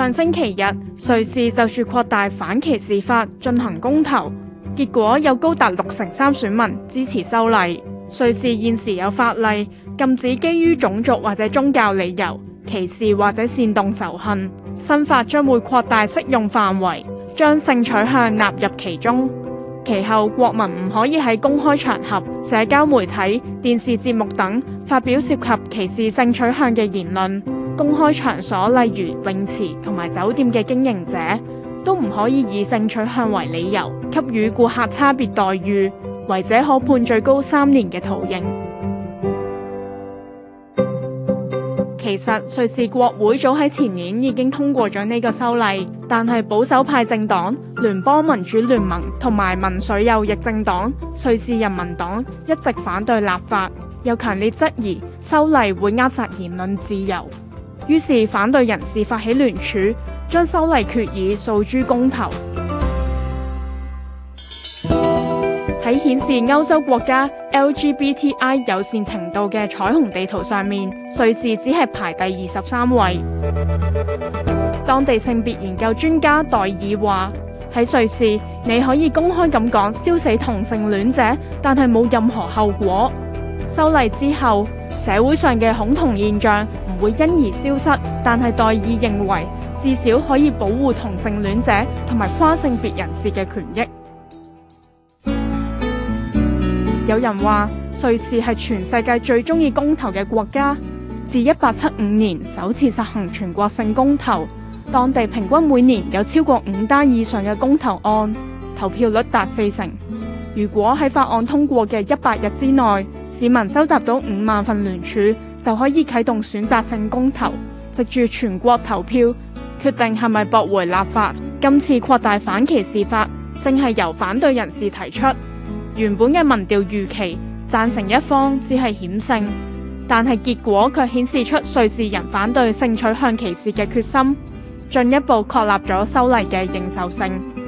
上星期日，瑞士就住擴大反歧視法進行公投，結果有高達六成三選民支持修例。瑞士現時有法例禁止基於種族或者宗教理由歧視或者煽動仇恨，新法將會擴大適用範圍，將性傾向納入其中。其後，國民唔可以喺公開場合、社交媒體、電視節目等發表涉及歧視性傾向嘅言論。公開場所，例如泳池同埋酒店嘅經營者，都唔可以以性取向為理由給予顧客差別待遇，違者可判最高三年嘅徒刑。其實，瑞士國會早喺前年已經通過咗呢個修例，但係保守派政黨聯邦民主聯盟同埋民粹右翼政黨瑞士人民黨一直反對立法，又強烈質疑修例會扼殺言論自由。於是反對人士發起聯署，將修例決議訴諸公投。喺顯示歐洲國家 LGBTI 友善程度嘅彩虹地圖上面，瑞士只係排第二十三位。當地性別研究專家代爾話：喺瑞士你可以公開咁講燒死同性戀者，但係冇任何後果。修例之後，社會上嘅恐同現象會因而消失，但係代爾認為至少可以保護同性戀者同埋跨性別人士嘅權益。 有人話瑞士係全世界最中意公投嘅國家，自一八七五年首次實行全國性公投，當地平均每年有超過五單以上嘅公投案，投票率達四成。如果喺法案通過嘅一百日之內，市民收集到五萬份聯署，就可以啟動選擇性公投，藉住全國投票決定係咪駁回立法。今次擴大反歧視法，正係由反對人士提出。原本嘅民調預期贊成一方只係險勝，但係結果卻顯示出瑞士人反對性取向歧視嘅決心，進一步確立咗修例嘅認受性。